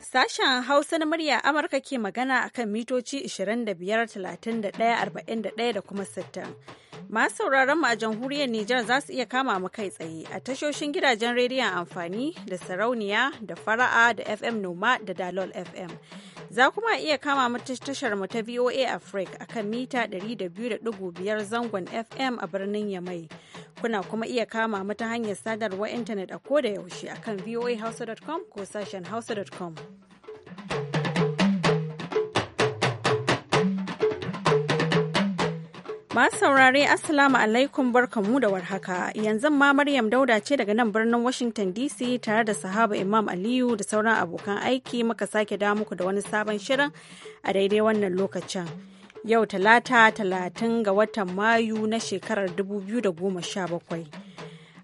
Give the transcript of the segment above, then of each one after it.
Sashen Hausa na murya Amurka ke magana a kan mitoci 25,31,41 da kuma 60. Masu sauraron mu a jamhuriyar Nijar za su iya kama mu kai tsaye a tashoshin gidajen rediyon amfani da sarauniya da fara'a da FM Noma da Dalol FM. Za kuma iya kama mu tashar mu ta VOA Africa akan mita 200.5 zangon FM a birnin Yamai. Kuna kuma iya kama mu ta hanyar sadarwar intanet a koda yaushe akan voahausa.com ko sashen hausa.com. Masu saurare Assalamu alaikum barkanmu' da warhaka. Yanzu ma Maryam Dauda ce daga nan birnin Washington DC tare da sahaba Imam Aliyu da sauran abokan aiki muka sake da muku da wani sabon shirin a daidai wannan lokacin. Yau talata talatin ga watan Mayu na shekarar 2017.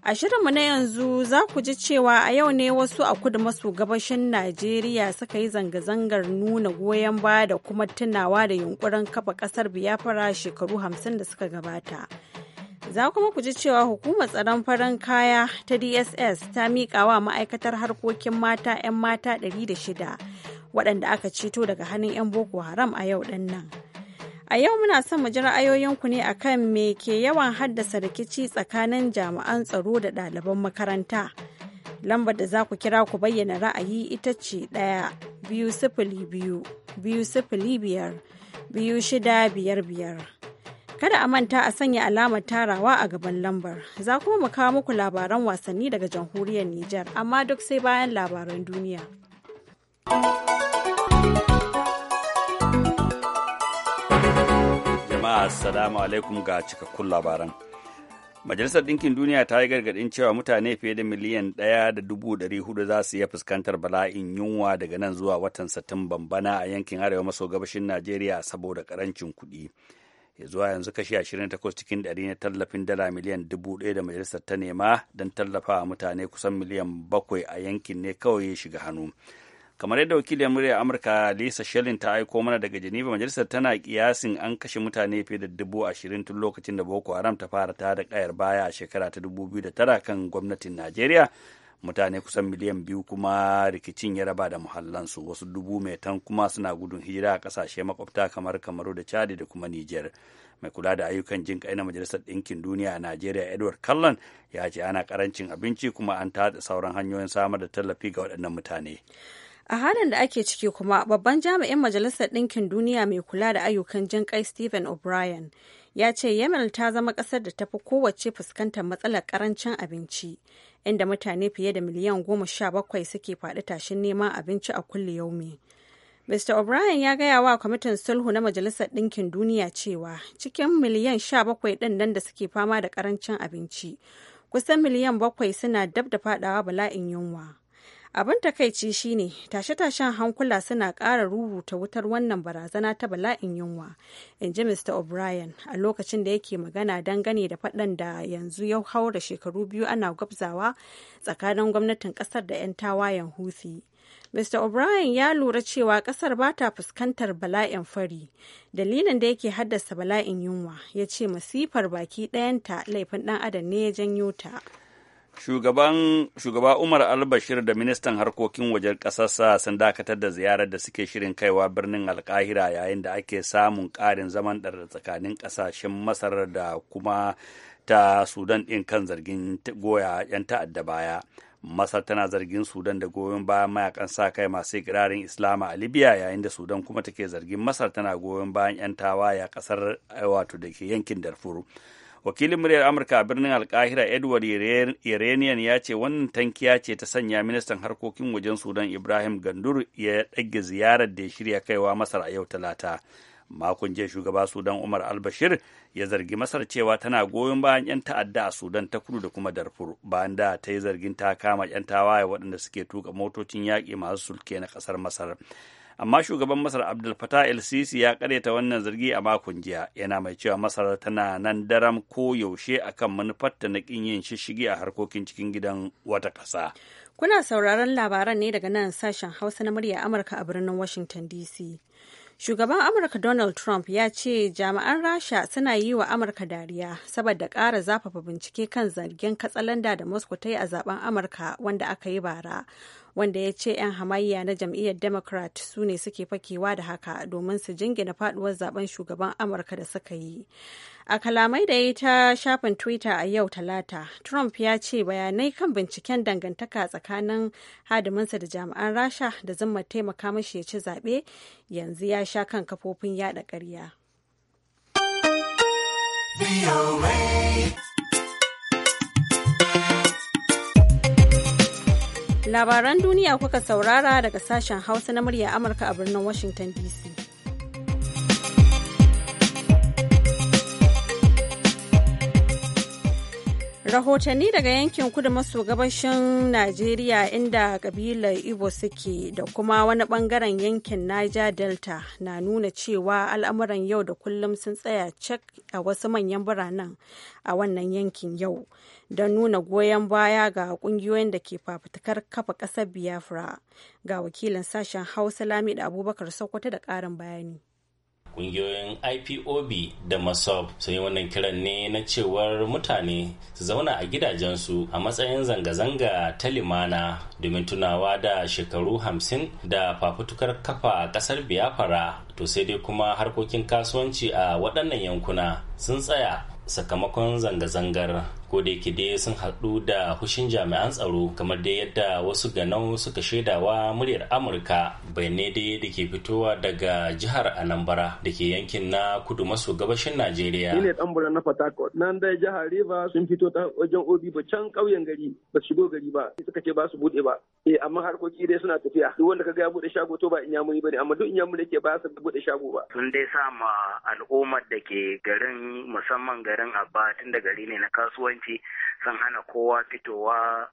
A shirinmu na yanzu za ku ji cewa a yau ne wasu a kudu maso gabashin Najeriya suka yi zanga-zangar nuna goyon baya da kuma tunawa da yunkurin kafa ƙasar biyafara shekaru hamsin da suka gabata. Za kuma ku ji cewa hukumar tsaron farin kaya ta DSS ta miƙa wa ma'aikatar harkokin mata 'yan mata 106 waɗanda aka ceto daga hannun 'yan Boko Haram a yau ɗin nan. A yau muna son mu ji ra'ayoyinku ne akan me ke yawan haddasa rikici tsakanin jami'an tsaro da ɗaliban makaranta. Lambar da za ku kira ku bayyana ra'ayi ita ce ɗaya biyu sifili biyu biyu sifili biyar biyu shida biyar biyar. Kada a manta a sanya alamar tarawa a gaban lambar. Za kuma mu kawo muku labaran wasanni daga jamhuriyar Nijar amma duk sai bayan labaran duniya. assalamu alaikum ga cikakkun labaran majalisar ɗinkin duniya ta yi gargaɗin cewa mutane fiye da miliyan ɗaya da dubu ɗari hudu za su iya fuskantar bala'in yunwa daga nan zuwa watan satumban bana a yankin arewa maso gabashin najeriya saboda ƙarancin kuɗi ya zuwa yanzu kashi takwas cikin ɗari na tallafin dala miliyan ɗaya da majalisar ta nema don tallafawa mutane kusan miliyan bakwai a yankin ne kawai ya shiga hannu kamar yadda wakilin murya amurka lisa shelin ta aiko mana daga geneva majalisar tana kiyasin an kashe mutane fiye da dubu ashirin tun lokacin da boko haram ta fara da kayar baya a shekara ta dubu biyu da tara kan gwamnatin najeriya mutane kusan miliyan biyu kuma rikicin ya raba da muhallansu wasu dubu mai tan kuma suna gudun hijira a kasashe makwabta kamar kamaru da chadi da kuma niger mai kula da ayyukan jin kai na majalisar ɗinkin duniya a najeriya edward kallon ya ce ana karancin abinci kuma an taɗa sauran hanyoyin samar da tallafi ga waɗannan mutane a halin da ake ciki kuma babban jami'in majalisar ɗinkin duniya mai kula da ayyukan jin kai stephen o'brien ya ce yemen ta zama ƙasar da ta fi kowace fuskantar matsalar ƙarancin abinci inda mutane fiye da miliyan goma sha bakwai suke faɗi tashin neman abinci a kulle yaumi Mr. O'Brien ya gaya wa kwamitin sulhu na Majalisar Ɗinkin Duniya cewa cikin miliyan sha bakwai ɗin nan da suke fama da ƙarancin abinci, kusan miliyan bakwai suna dab da faɗawa bala'in yunwa. abin takaici shine tashe-tashen hankula suna ƙara rubuta wutar wannan barazana ta bala'in yunwa in ji mr o'brien a lokacin da yake magana dangane da faɗan da yanzu ya haura shekaru biyu ana gwabzawa tsakanin gwamnatin ƙasar da 'yan tawayen hutu. Mr. O'Brien ya lura cewa ƙasar ba ta fuskantar bala'in fari. Dalilin da yake haddasa bala'in yunwa ya ce masifar baki ɗayanta laifin ɗan adam ne ya janyo ta. shugaba Umar Albashir da ministan harkokin wajen ƙasarsa sun dakatar da ziyarar da suke shirin kaiwa birnin Alkahira yayin da ake samun ƙarin zaman ɗar tsakanin ƙasashen Masar da kuma ta Sudan ɗin kan zargin goya 'yan ta'adda baya. Masar tana zargin Sudan da goyon bayan mayakan sa kai masu ikirarin Islama a Libya yayin da Sudan kuma take zargin Masar tana goyon bayan 'yan tawaye a ƙasar eh, wato da ke yankin Darfur. wakilin muryar amurka a birnin alkahira edward iranian ya ce wannan tankiya ce ta sanya ministan harkokin wajen sudan ibrahim gandur ya ɗage ziyarar da ya shirya kaiwa masar a yau talata makon jiya shugaba sudan umar albashir ya zargi masar cewa tana goyon bayan 'yan ta'adda a sudan ta kudu da kuma darfur bayan da ta yi zargin ta kama 'yan tawaye waɗanda suke tuka motocin yaƙi masu sulke na ƙasar masar amma shugaban masar abdul fatah el sisi ya karyata wannan zargi a makon jiya yana mai cewa masar tana nan daram ko yaushe akan manufarta na kin yin shishigi a harkokin cikin gidan wata ƙasa kuna sauraron labaran ne daga nan sashen hausa na murya amurka a birnin washington dc shugaban amurka donald trump ya ce jami'an rasha suna yi wa amurka dariya saboda ƙara zafafa bincike kan zargin katsalanda da moscow ta yi a zaben amurka wanda aka yi bara wanda ya ce 'yan hamayya na jam'iyyar democrat su ne suke fakewa da haka domin su jingina faduwar zaben shugaban amurka da suka yi a kalamai da ya ta shafin twitter a yau talata trump ya ce bayanai kan binciken dangantaka tsakanin hadiminsa da jami'an rasha da zama taimaka mashi ya ci zaɓe yanzu ya sha kan kafofin yada ƙarya. Labaran duniya kuka saurara daga sashen Hausa na murya Amurka a birnin Washington DC. Rahotanni daga yankin kudu maso gabashin Najeriya inda kabilar Igbo suke da kuma wani bangaren yankin Niger Delta na nuna cewa al'amuran yau da kullum sun tsaya cak a wasu manyan biranen a wannan yankin yau. don nuna goyon baya ga kungiyoyin da ke fafutukar kafa ƙasar biafra ga wakilin sashen hausa lamida abubakar sokoto da ƙarin bayani ƙungiyoyin ipob da masob sun yi wannan kiran ne na cewar mutane su zauna a gidajensu a matsayin zanga-zanga ta limana domin tunawa da shekaru hamsin da fafutukar kafa ƙasar biafra to sai dai kuma harkokin kasuwanci a waɗannan yankuna sun tsaya sakamakon zanga-zangar ko da yake dai sun haɗu da hushin jami'an tsaro kamar dai yadda wasu ganau suka shaidawa muryar amurka ne dai da ke fitowa daga jihar anambra da ke yankin na kudu maso gabashin najeriya ne tambura na fatakot nan dai jihar river sun fito ta wajen obi ba can ƙauyen gari ba shigo gari ba suka ce ba su buɗe ba eh amma harkoki dai suna tafiya duk wanda ka ya buɗe shago to ba in ba bane amma duk in muni ke ba su buɗe shago ba sun dai sa ma al'ummar da ke garin musamman garin abba tun da gari ne na kasuwanci kasuwanci sun hana kowa fitowa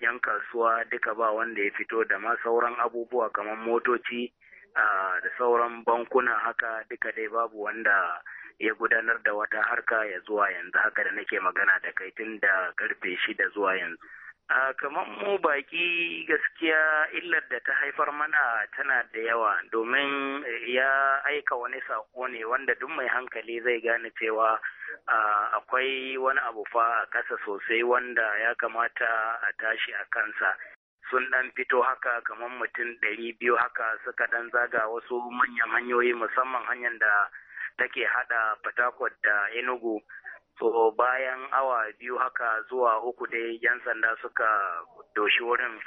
yan kasuwa duka ba wanda ya fito da ma sauran abubuwa kamar motoci da sauran bankuna haka duka dai babu wanda ya gudanar da wata harka ya zuwa yanzu haka da nake magana da kai tun da karfe shida zuwa yanzu. a kamar mu baki gaskiya illar da ta haifar mana tana da yawa domin eh, ya aika wani sako ne wanda duk mai hankali zai gane cewa akwai wani abu fa a kasa sosai wanda ya kamata a tashi a kansa sun dan fito haka kamar mutum ɗari biyu haka suka dan zaga wasu manyan hanyoyi musamman hanyar da take hada fatakwat da enugu to bayan awa biyu haka zuwa uku dai yan sanda suka doshi wurin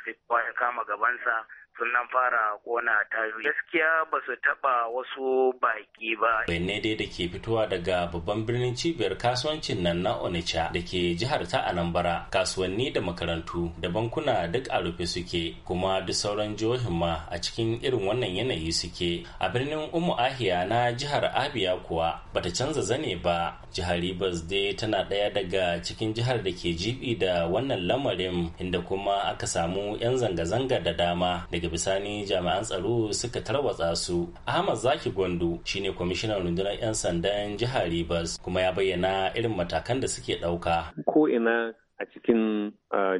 kama gabansa sun nan fara kona tayoyi gaskiya ba su taba wasu baki ba ne dai da ke fitowa daga babban birnin cibiyar kasuwancin nan na onitsha da ke jihar ta anambra kasuwanni da makarantu da bankuna duk a rufe suke kuma duk sauran jihohin ma a cikin irin wannan yanayi suke a birnin umu ahiya na jihar abia kuwa bata canza zane ba jihar Ribas dai tana ɗaya daga cikin jihar da ke jibi da wannan lamarin inda kuma aka samu 'yan zanga-zanga da dama daga da bisani jami'an tsaro suka tarwatsa su ahmad zaki gwandu shine kwamishinan rundunar 'yan sandan jihar rivers kuma ya bayyana irin matakan da suke ɗauka ko ina a cikin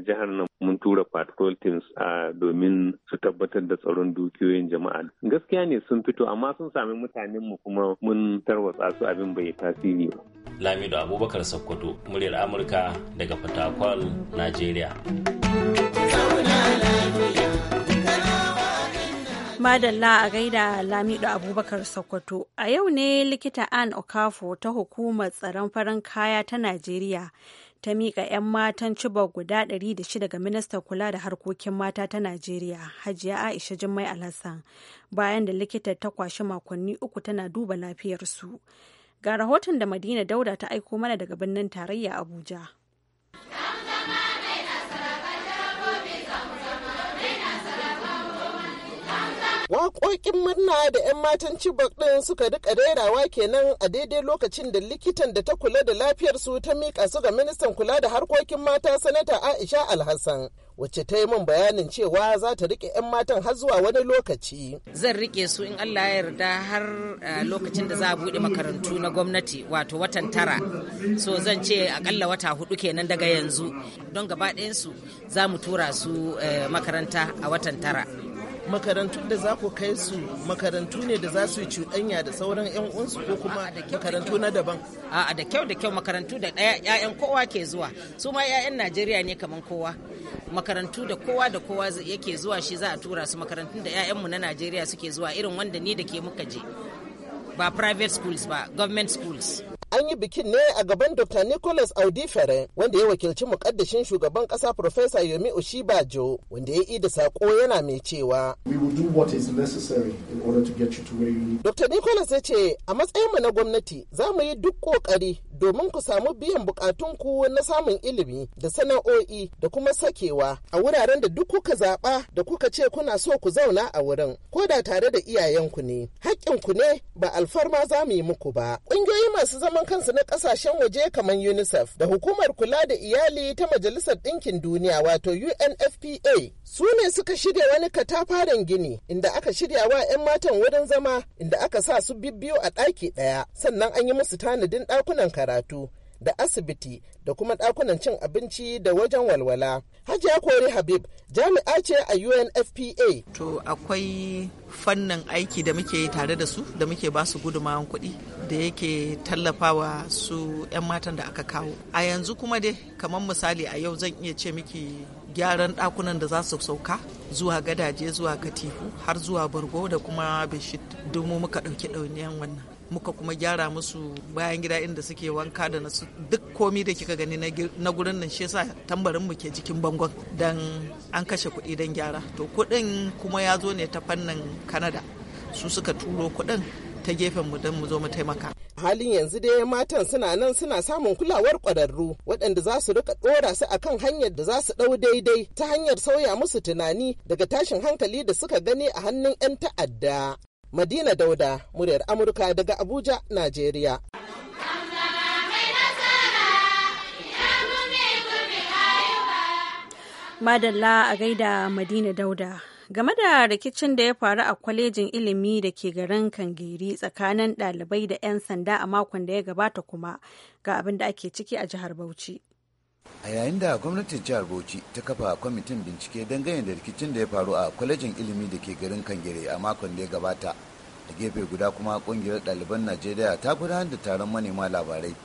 jihar nan mun tura patrol teams domin su tabbatar da tsaron dukiyoyin jama'a gaskiya ne sun fito amma sun sami mutanen mu kuma mun tarwatsa su abin bai tasiri ba lamido abubakar sokoto muryar amurka daga fatakwal nigeria Madalla a gaida Lamido Abubakar Sokoto. A yau ne likita an Okafo ta hukumar tsaron farin kaya ta Najeriya ta miƙa 'yan matan ciba guda 106 ga ministan kula da harkokin mata ta Najeriya, Hajiya Aisha Jummai Alhassan, bayan da likita ta kwashi makonni uku tana duba lafiyarsu. Ga rahoton da Madina Dauda ta aiko mana daga birnin tarayya Abuja. Waƙoƙin murna da 'yan matan Chibok ɗin suka rika rerawa kenan a daidai lokacin da likitan da ta kula da lafiyarsu ta miƙa su ga ministan kula da harkokin mata sanata Aisha Alhassan. wacce ta yi min bayanin cewa za ta rike 'yan matan har zuwa wani lokaci. Zan rike su in Allah ya yarda har eh, lokacin da za a buɗe makarantu na gwamnati wato watan tara. So zan ce akalla wata hudu kenan daga yanzu don gaba su za mu tura su eh, makaranta a watan tara. makarantun da za ku kai su makarantu ne da za su yi cuɗanya da sauran 'yan uwansu ko kuma makarantu na daban a da kyau da kyau makarantu da ɗaya 'ya'yan kowa ke zuwa su ma 'ya'yan najeriya ne kamar kowa makarantu da kowa da kowa yake zuwa shi za a tura su makarantun da mu na najeriya suke zuwa irin wanda ni da ke muka je ba private schools ba government schools an yi bikin ne a gaban dr nicholas audi fere wanda ya wakilci mukaddashin shugaban kasa professor yomi oshibajo wanda ya yi da sako yana mai cewa dr nicholas ya ce a matsayinmu na gwamnati za mu yi duk kokari domin ku samu biyan bukatunku na samun ilimi da sana'o'i da kuma sakewa a wuraren da duk kuka zaɓa da kuka ce kuna so ku zauna a wurin ko da tare da iyayenku ne haƙƙinku ne ba alfarma za mu yi muku ba ƙungiyoyi masu zama zaman kansu na kasashen waje kamar UNICEF da hukumar kula da iyali ta Majalisar Ɗinkin Duniya wato UNFPA su ne suka shirya wani katafaren gini inda aka shirya wa 'yan matan wurin zama inda aka sa su bibbiyo a ɗaki ɗaya sannan an yi musu tanadin ɗakunan karatu. da asibiti da kuma ɗakunan cin abinci da wajen walwala. Hajiya Kori Habib jami'a ce a UNFPA. To akwai fannin aiki da muke tare da su da muke ba su gudumawan kuɗi da yake tallafawa su 'yan matan da aka kawo. A yanzu kuma dai kamar misali a yau zan iya ce miki gyaran ɗakunan da za su sauka zuwa gadaje zuwa katifu har zuwa bargo da kuma bishit domin muka ɗauki ɗauniyan wannan. muka kuma gyara musu bayan gida inda suke wanka da nasu duk komi da kika gani na gurin nan shi yasa tambarin mu ke jikin bangon dan an kashe kuɗi don gyara to kuɗin kuma ya zo ne ta fannin kanada su suka turo kuɗin ta gefen mu don mu zo mu taimaka. Halin yanzu dai matan suna nan suna samun kulawar kwararru waɗanda za su rika ɗora su akan hanyar da za su ɗau daidai ta hanyar sauya musu tunani daga tashin hankali da suka gani a hannun 'yan ta'adda. Madina Dauda, muryar Amurka daga Abuja, Najeriya. Madalla a gaida Madina Dauda. Game da rikicin da ya faru a kwalejin ilimi da ke garin Kangeri tsakanin ɗalibai da 'yan sanda a makon da ya gabata kuma ga abin da ake ciki a jihar Bauchi. a yayin da gwamnatin jihar bauchi ta kafa kwamitin bincike dangane da rikicin da ya faru a kwalejin ilimi da ke garin kangere a makon da ya gabata a gefe guda kuma kungiyar ɗaliban najeriya ta gudanar da taron manema labarai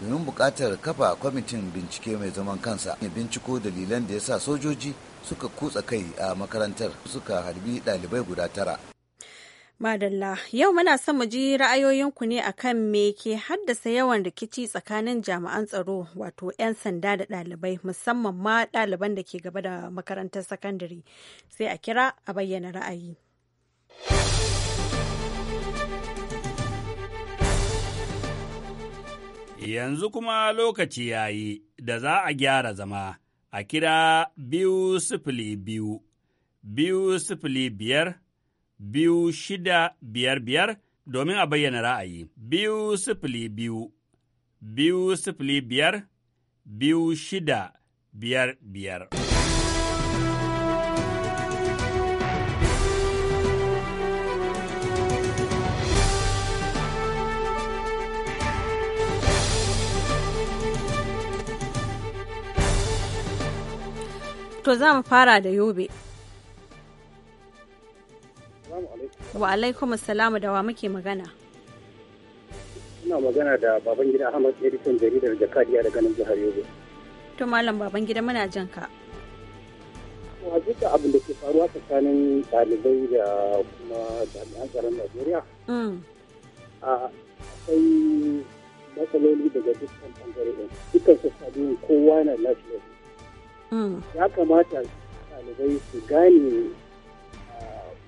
domin buƙatar kafa kwamitin bincike mai zaman kansa ne binciko dalilan da ya sa sojoji suka kutsa kai a makarantar suka harbi ɗalibai guda tara Madalla, yau muna son mu ji ra'ayoyinku ne akan me ke haddasa yawan rikici tsakanin jami'an tsaro wato 'yan sanda da ɗalibai musamman ma ɗaliban da ke gaba da makarantar sakandare sai a kira a bayyana ra'ayi. Yanzu kuma lokaci yayi da za a gyara zama a kira biyu sifili biyu, biyu sifili biyar biyu shida biyar biyar domin a bayyana ra'ayi. Biyu sifili biyu, biyu sifili biyar, biyu shida biyar biyar. To za mu fara da yobe. Wa alaikum assalamu da wa muke magana. Ina magana da baban gida Ahmad Edison jaridar Jakadiya daga nan jihar Yobe. To malam baban gida muna jin ka. duka abin da ke faruwa tsakanin ɗalibai da kuma jami'an tsaron Najeriya. Mm. Akwai matsaloli daga dukkan bangare ɗin. Dukkan su biyu kowa na lafiya. Mm. Ya kamata ɗalibai su gane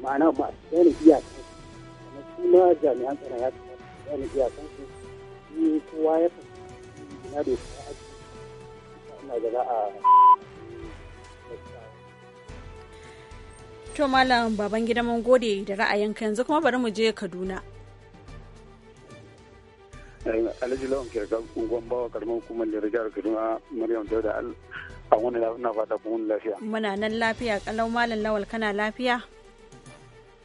ma'ana ma yana iyakan kuma su ma jami'an tsara ya kamata su iya kan su shi kowa ya fahimci na doka ya ake ina da a To Malam baban mun gode da ra'ayinka yanzu kuma bari mu je Kaduna. Eh, Alhaji Lawan Kirkan Kungon Bawa Karmar Hukumar Lera Jihar Kaduna Maryam Dauda an wani na fata kun lafiya. Muna nan lafiya kalau Malam Lawal kana lafiya?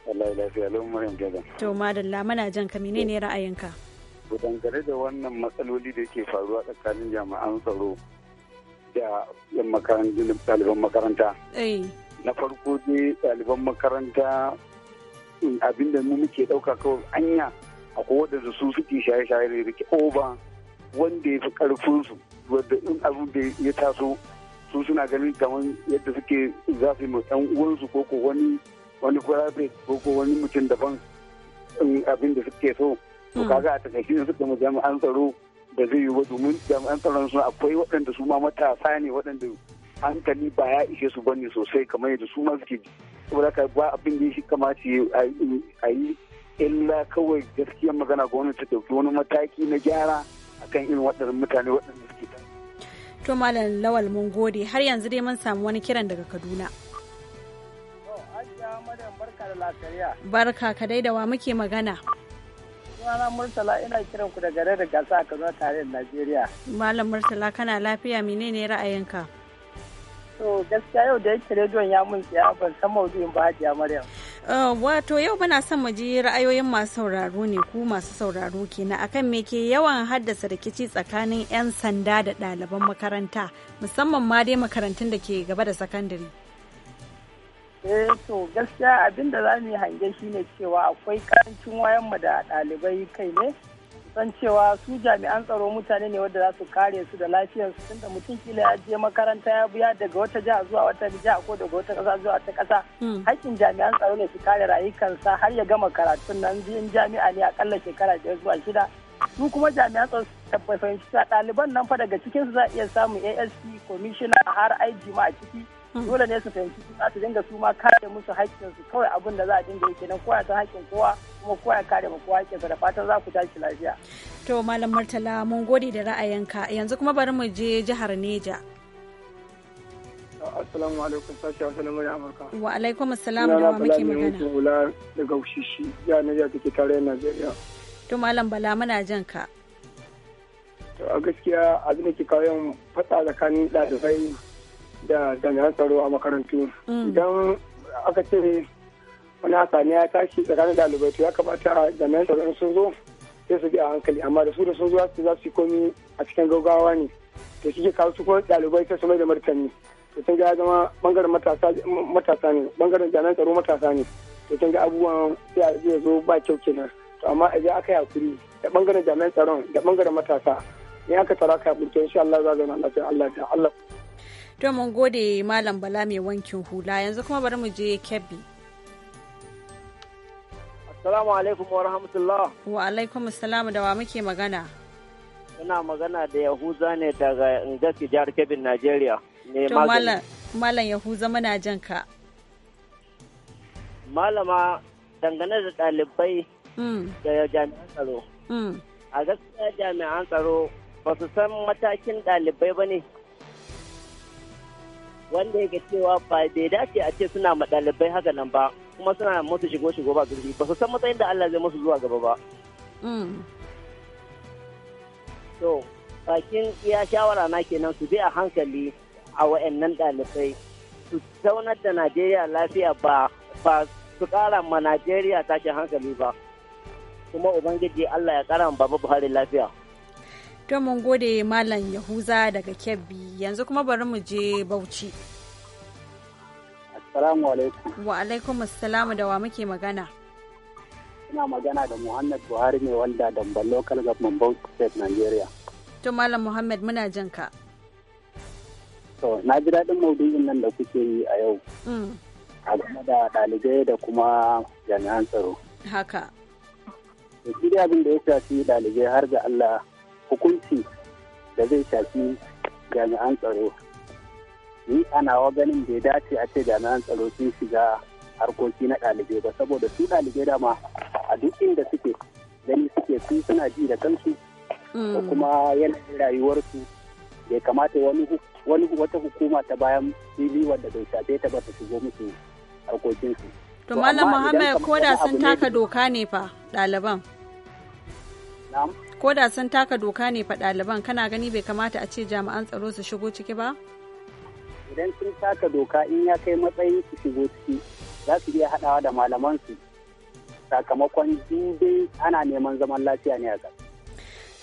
Allah lafiya lon Maryam To madalla muna jan ka menene ra'ayinka? Dangane da wannan matsaloli da yake faruwa tsakanin jami'an tsaro da yan ɗaliban makaranta. Eh. Na farko dai ɗaliban makaranta abinda mu muke ɗauka kawai anya akwai waɗanda su suke shaye-shaye da rike oba wanda ya fi ƙarfinsu wadda in abin da ya taso su suna ganin kamar yadda suke zafi ma ɗan uwansu ko ko wani wani private ko ko wani mutum daban abin da suke so to hmm. kaga a takaice suka mu jami'an tsaro da zai yi wa domin jami'an tsaron su akwai waɗanda su ma matasa ne waɗanda hankali ba ya ishe su bane sosai kamar yadda su ma suke ji saboda ka ba abin da shi kamata a yi illa kawai gaskiyar magana gwamnati ta ɗauki wani mataki na gyara akan irin waɗannan mutane waɗanda suke ta. To Malam Lawal mun gode har yanzu dai mun samu wani kiran daga Kaduna. Barka ka dai da wa muke magana. Sunana Murtala ina kiran ku da gare da gasa a zo tare da Najeriya. Malam Murtala kana lafiya menene ra'ayinka? To gaskiya yau da yake rediyon ya mun tsaya ban san maudu'in ba Hajiya Maryam. Uh, wato yau muna son mu ji ra'ayoyin masu sauraro ne ku masu sauraro kenan akan me ke yawan haddasa rikici tsakanin 'yan sanda da ɗaliban makaranta musamman ma dai makarantun da ke gaba da sakandare. eh to gaskiya abin da za mu yi hange shine cewa akwai karancin wayanmu da ɗalibai kai ne san cewa su jami'an tsaro mutane ne wanda za su kare su da lafiyar lafiyarsu tunda mutum kila ya je makaranta ya biya daga wata jiha zuwa wata jiha ko daga wata ƙasa zuwa ta ƙasa hmm. hakkin jami'an tsaro ne su kare rayukansa har ya gama karatun nan biyun jami'a ne akalla shekara biyar zuwa shida su kuma jami'an tsaro ɗaliban nan fa daga cikinsu za a iya samun asp commissioner har IG ma a ciki dole ne su fahimci su su dinga su ma kare musu su kawai abin da za a dinga yake nan koya ta haƙƙin kowa kuma koya kare ma kowa haƙƙinsa da fatan za ku tashi lafiya. To Malam Murtala mun gode da ra'ayinka yanzu kuma bari mu je jihar Neja. Assalamu alaikum sashi a wasu Amurka. Wa alaikum assalam da wa muke magana. Ina hula da gaushishi ya ya take tare Najeriya. To Malam Bala muna jan ka. To a gaskiya abin da ke kawo yin fata tsakanin ɗalibai da jami'an tsaro a makarantu mm. idan aka ce wani hasani ya tashi tsakanin dalibai to ya kamata jami'an tsaro in sun zo sai su bi a hankali amma da su da sun zo za su yi komi a cikin gaugawa ne to shi ke kawo su kuma dalibai sai su mai da martani to sun ga ya zama bangaren matasa ne bangaren jami'an tsaro matasa ne to sun ga abubuwan sai zai zo ba kyau kenan to amma a idan aka yi hakuri da bangaren jami'an tsaron da bangaren matasa in aka tara ka yi hakuri to insha Allah za a zauna lafiya Allah ta Allah to mun gode malam bala mai wankin hula yanzu kuma bari mu je kebbi assalamu alaikum wa rahmatullah wa alaikum assalamu da wa muke magana ina magana da yahuza ne daga ngaski jihar Kebbi, najeriya ne malam yahuza muna jan ka malama dangane da ɗalibai mm. da jami'an tsaro mm. a gaskiya jami'an tsaro ba su san matakin ɗalibai ba ne wanda yake cewa ba bai dace a ce suna ma ɗalibai haka nan ba kuma suna musu shigo shigo ba gurbi ba su san matsayin da Allah zai musu zuwa gaba ba. Mm. To bakin iya shawara na kenan su bi a hankali a wa'annan dalibai su zaunar da Najeriya lafiya ba ba su kara ma Najeriya tashin hankali ba kuma Ubangiji Allah ya kara ma Baba Buhari lafiya. To mun gode Malam Yahuza daga Kebbi yanzu kuma bari mu je Bauchi. Assalamu alaikum. Wa alaikum assalamu da wa muke magana. Ina magana da Muhammad Buhari ne wanda damban local government Bauchi State Nigeria. To Malam Muhammad muna jin ka. To na ji daɗin maudu'in nan da kuke yi a yau. Mm. A game da ɗalibai da kuma jami'an tsaro. Haka. Da abin da ya shafi ɗalibai har da Allah hukunci da zai shafi jami'an tsaro ni ana wa ganin bai dace a ce jami'an tsaro sun shiga harkoki na ɗalibai ba saboda su ɗalibai dama a duk inda suke gani suke su suna ji da kansu da mm. kuma yanayin rayuwarsu bai kamata wani wata hukuma ta bayan fili wanda bai shafe ta ba ta shigo musu harkokinsu. To Malam Muhammad ko da sun taka doka ne fa ɗaliban? ko da sun taka doka ne fa ɗaliban kana gani bai kamata a ce jami'an tsaro su shigo ciki ba idan sun taka doka in ya kai matsayin su shigo ciki za su iya haɗawa da malamansu sakamakon dubi ana neman zaman lafiya ne a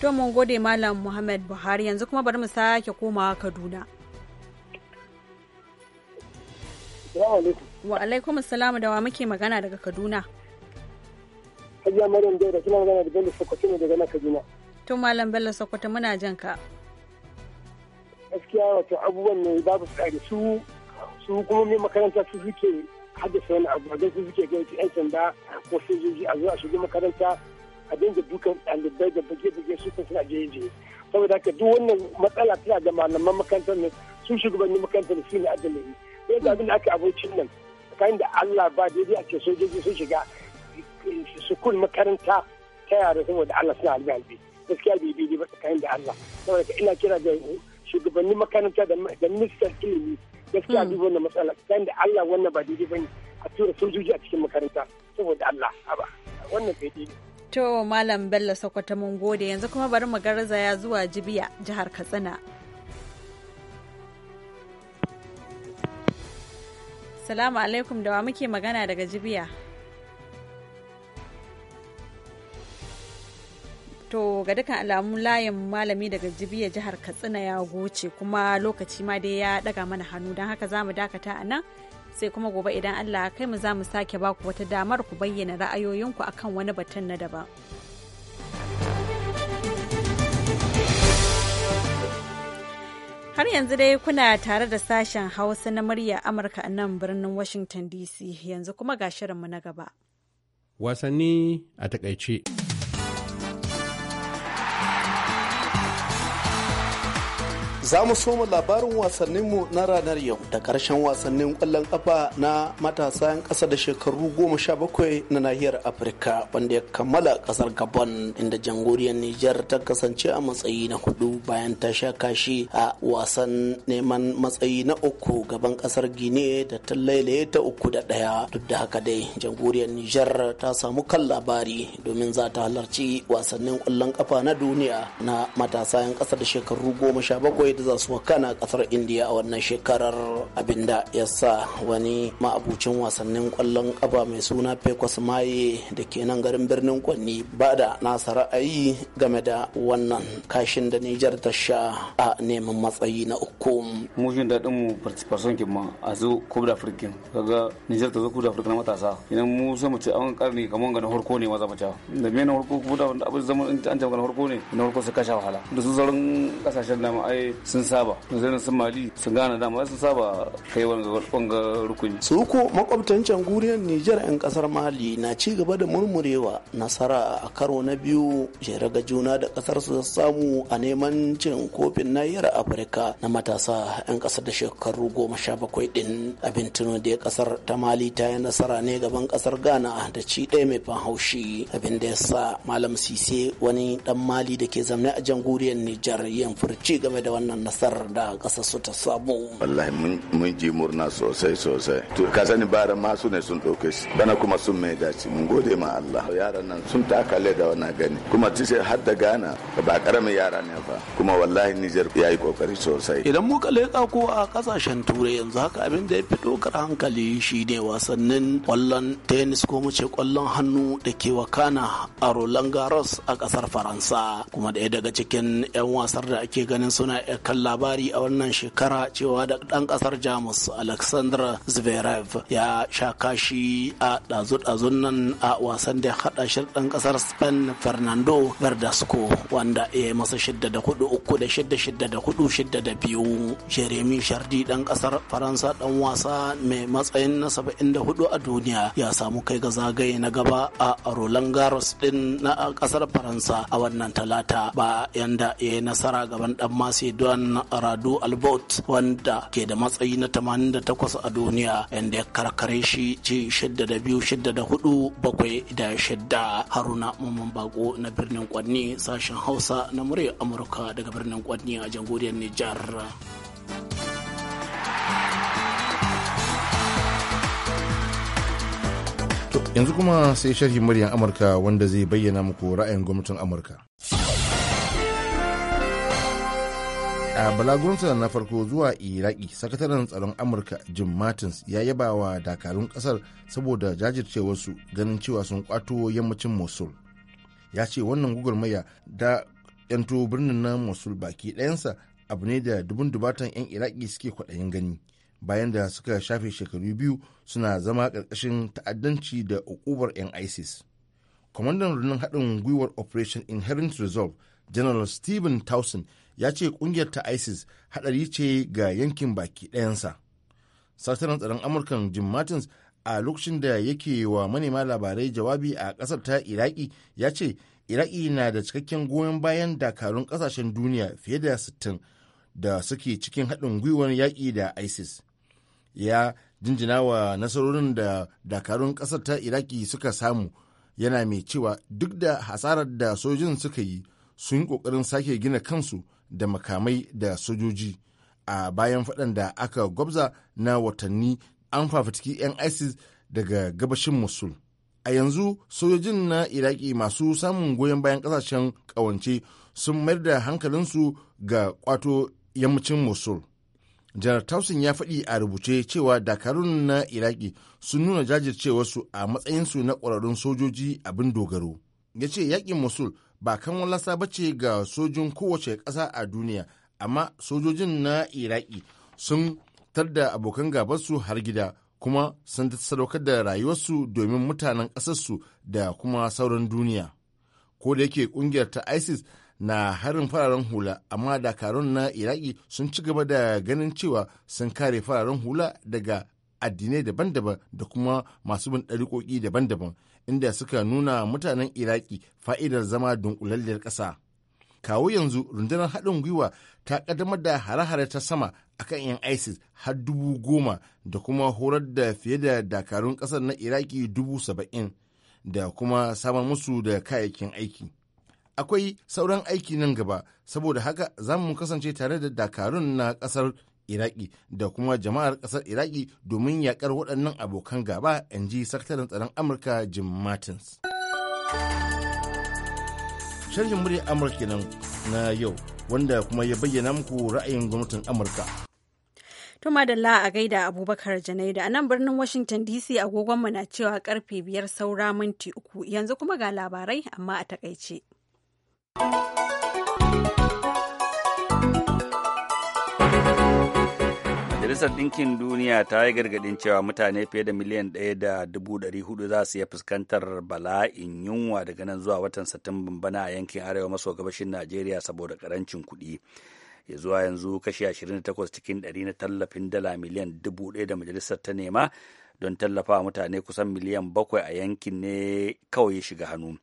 to mun gode malam muhammad buhari yanzu kuma bari mu sake komawa kaduna wa alaikum salamu da wa muke magana daga kaduna Hajiya Maryam Dauda kina magana da Bello Sokoto ne daga nan Kaduna. To Malam Bello Sokoto muna jan ka. Gaskiya wato abubuwan ne babu tsari su su hukumomin makaranta su suke haddasa wani abu a su suke ga yan sanda ko sojoji a zo a shiga makaranta a dinga dukan ɗalibai da bage-bage su kan suna jeje saboda haka duk wannan matsala tana da malaman makarantar ne su shugabannin makarantar su ne adalai yadda abin da aka abocin nan tsakanin da Allah ba daidai a ce sojoji sun shiga sukul makaranta ta yara saboda Allah suna albi gaskiya bai bi ba tsakanin da Allah saboda ina kira da shugabannin makaranta da ministan ilimi gaskiya bi hmm. wannan matsala tsakanin da Allah wannan ba daidai bane a tura sojoji a cikin makaranta saboda Allah haba wannan bai daidai To Malam Bello Sokoto mun gode yanzu kuma bari mu garzaya zuwa Jibiya jihar Katsina. Salamu alaikum da wa muke magana daga Jibiya. to ga dukkan alamu layin malami daga jibiya jihar katsina ya goce kuma lokaci ma dai ya daga mana hannu don haka za mu dakata a nan sai kuma gobe idan allah kai mu za mu sake baku wata damar ku bayyana ra'ayoyinku akan wani batun na daban Har yanzu dai kuna tare da sashen Hausa na murya Amurka a nan birnin Washington DC yanzu kuma ga shirinmu na gaba. Wasanni a takaice. Za mu soma labarin wasanninmu na ranar yau da karshen wasannin kwallon ƙafa na matasa kasa ƙasa da shekaru goma sha bakwai na nahiyar Afirka wanda ya kammala ƙasar Gabon inda jamhuriyar Nijar ta kasance a matsayi na hudu bayan ta sha kashi a wasan neman matsayi na uku gaban ƙasar Gine da ta lailaye ta uku da ɗaya duk da haka dai jamhuriyar Nijar ta samu kan labari domin za ta halarci wasannin kwallon ƙafa na duniya na matasa kasa ƙasa da shekaru goma yadda za su wakana kasar indiya a wannan shekarar abinda ya sa wani ma'abucin wasannin kwallon kaba mai suna pecos maye da ke nan garin birnin kwanni ba da nasa ra'ayi game da wannan kashin da nijar ta sha a neman matsayi na uku mushin daɗin mu participation kin ma a zo kubda afirkin kaga nijar ta zo kubda afirkin na matasa idan mu sai mu ce an karni kamar ga na harko ne maza mace da me na harko kubda abin zama an ce ga na harko ne na harko sai kasha wahala da su sauran kasashen da ma ai sun saba sun sun mali sun gane dama sun saba kai wanga rukuni su ko makwabtancin guriyar Nijar yan kasar Mali na ci gaba da murmurewa nasara a karo na biyu jere ga juna da kasar su samu a neman cin kofin nahiyar Afirka na matasa yan kasar da shekaru goma sha bakwai din abin tuno da kasar ta Mali ta yi nasara ne gaban kasar Ghana da ci ɗaya mai fan haushi abin da ya sa Malam Sise wani dan Mali da ke zamne a jamhuriyar Nijar yin furci game da wannan wannan nasarar da ƙasar su ta samu. Wallahi mun ji murna sosai sosai. To ka sani bara ma su ne sun ɗauke shi. Bana kuma sun mai dace mun gode ma Allah. Yaran nan sun taka da wannan gani. Kuma tishe har da Ghana ba ƙaramin yara ne ba. Kuma wallahi Nijar ya yi ƙoƙari sosai. Idan muka leƙa ko a kasashen Turai yanzu haka abin da ya fi ɗaukar hankali shi ne wasannin ƙwallon tennis ko mu ce ƙwallon hannu da ke wakana a Roland Garros a kasar Faransa. Kuma ɗaya daga cikin 'yan wasar da ake ganin suna kan labari a wannan shekara cewa da ɗan ƙasar Jamus Alexander Zverev ya sha kashi a dazu nan a wasan da haɗa shi ɗan ƙasar Spain Fernando Verdasco wanda ya yi masa shidda da hudu uku da shidda shidda da hudu shidda da biyu. Jeremy Shardi dan ƙasar Faransa ɗan wasa mai matsayin na saba'in da hudu a duniya ya samu kai ga zagaye na gaba a Roland Garros ɗin na ƙasar Faransa a wannan talata bayan da ya yi nasara gaban ɗan masu Hassan Rado Albot wanda ke da matsayi na 88 a duniya inda ya karkare shi ci 6 2 6 7 Haruna Mamman Bako na birnin Kwanni sashen Hausa na murya Amurka daga birnin Kwanni a jamhuriyar Nijar. yanzu kuma sai sharhi muryar amurka wanda zai bayyana muku ra'ayin gwamnatin amurka a balagunsa na farko zuwa iraki sakataren tsaron amurka jim martins ya yaba wa dakarun kasar saboda jajircewarsu ganin cewa sun kwato yammacin mosul ya ce wannan gugurmaya da 'yanto birnin na mosul baki ɗayansa abu ne da dubun dubatan 'yan iraki suke kwaɗayin gani bayan da suka shafe shekaru biyu suna zama ƙarƙashin ta'addanci da ukubar 'yan isis kwamandan rundunar haɗin gwiwar operation inherent resolve general stephen towson ya ce kungiyar ta isis hadari ce ga yankin baki ɗayansa satanan tsaron amurkan jim martins a lokacin da yake wa manema labarai jawabi a ƙasar ta iraki ya ce iraki na da cikakken goyon bayan dakarun ƙasashen duniya fiye da 60 da suke cikin haɗin gwiwar yaƙi da isis ya jinjina wa nasarorin da dakarun ƙasar ta iraki suka samu yana mai cewa duk da hasarar da sojin suka yi sun yi ƙoƙarin sake gina kansu da makamai da sojoji a bayan faɗan da aka gwabza na watanni an fafatiki 'yan isis daga gabashin mosul a yanzu sojojin na iraki masu samun goyon bayan ƙasashen ƙawance sun mayar da hankalinsu ga kwato yammacin mosul janar tausin ya faɗi a rubuce cewa dakarun na iraki sun nuna jajircewarsu a matsayinsu na ƙwararrun sojoji abin dogaro ya ce yaƙin mosul ba kan ba ce ga sojin kowace ƙasa a duniya amma sojojin na iraki sun tar da abokan gabarsu har gida kuma sun sadaukar da rayuwarsu domin mutanen ƙasarsu da kuma sauran duniya ko da yake ƙungiyar ta isis na harin fararen hula amma dakarun na iraki sun ci gaba da ganin cewa sun kare fararen hula daga addinai daban-daban da kuma masu bin ɗariƙoƙi daban-daban inda suka nuna mutanen iraki fa'idar zama dunkulalliyar ƙasa kawo yanzu rundunar haɗin gwiwa ta ƙaddamar da hare-hare ta sama akan 'yan isis har dubu goma da kuma horar da fiye da dakarun ƙasar na iraki dubu saba'in da kuma samar musu da kayayyakin aiki akwai sauran aiki nan gaba saboda haka za mu kasance tare da dakarun na ƙasar iraki da kuma jama'ar kasar iraki domin yakar waɗannan abokan gaba in ji sakataren tsaron amurka jim martins sharhin murya amurka nan na yau wanda kuma ya bayyana muku ra'ayin gwamnatin amurka To madalla a gaida Abubakar janairu a nan birnin Washington DC agogonmu na cewa karfe biyar saura minti uku yanzu kuma ga labarai amma a takaice. Majalisar Ɗinkin Duniya ta yi gargaɗin cewa mutane fiye da miliyan ɗaya da dubu ɗari hudu za su iya fuskantar bala'in yunwa daga nan zuwa watan Satumban bana a yankin arewa maso gabashin Najeriya saboda ƙarancin kuɗi. ya zuwa yanzu kashi 28 cikin ɗari na tallafin dala miliyan dubu ɗaya da majalisar ta nema don tallafa mutane kusan miliyan bakwai a yankin ne kawai ya shiga hannu.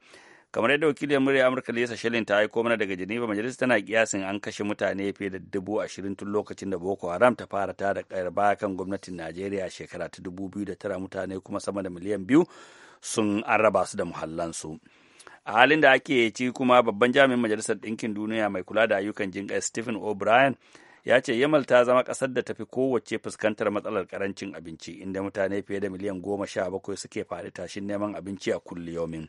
kamar yadda wakilin murya amurka lisa shirin ta aiko mana daga geneva majalisa tana kiyasin an kashe mutane fiye da dubu ashirin tun lokacin da boko haram ta fara tada karba kan gwamnatin najeriya shekara ta dubu biyu da tara mutane kuma sama da miliyan biyu sun an raba su da muhallansu a halin da ake ci kuma babban jami'in majalisar ɗinkin duniya mai kula da ayyukan jinƙai stephen o'brien ya ce yamal ta zama ƙasar da tafi kowace fuskantar matsalar karancin abinci inda mutane fiye da miliyan goma sha bakwai suke faɗi tashin neman abinci a kulliyomin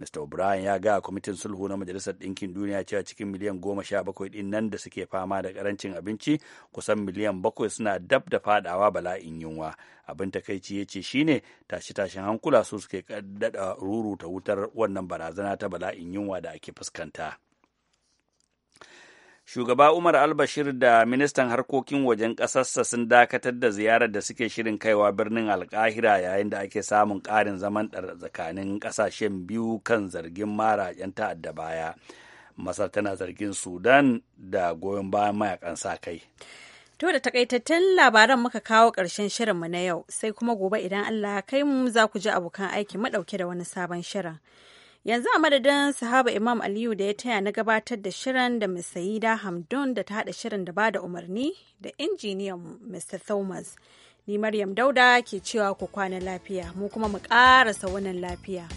Mr. O'Brien ya ga kwamitin sulhu na Majalisar Ɗinkin Duniya cewa cikin miliyan goma sha bakwai ɗin nan da suke fama da karancin abinci kusan miliyan bakwai suna dab da fadawa bala'in yunwa. Abin takaici ya ce shi ne tashe-tashen hankula su suke daɗa ruruta wutar wannan barazana ta bala'in yunwa da ake fuskanta. shugaba umar albashir da ministan harkokin wajen ƙasarsa sun dakatar da ziyarar da suke shirin kaiwa birnin alkahira yayin da ake samun ƙarin zaman ɗar tsakanin ƙasashen biyu kan zargin mara 'yan ta'adda baya masar tana zargin sudan da goyon bayan mayakan sa kai To da takaitattun labaran muka kawo ƙarshen shirin mu na yau sai kuma gobe idan Allah kai mu za ku ji abokan aiki madauke da wani sabon shirin. yanzu a madadin sahaba imam aliyu da ya taya na gabatar da shirin da sayida hamdun da ta haɗa shirin da ba da umarni da injiniyan mr thomas ni maryam dauda ke cewa ku kwana lafiya mu kuma mu ƙarasa wannan lafiya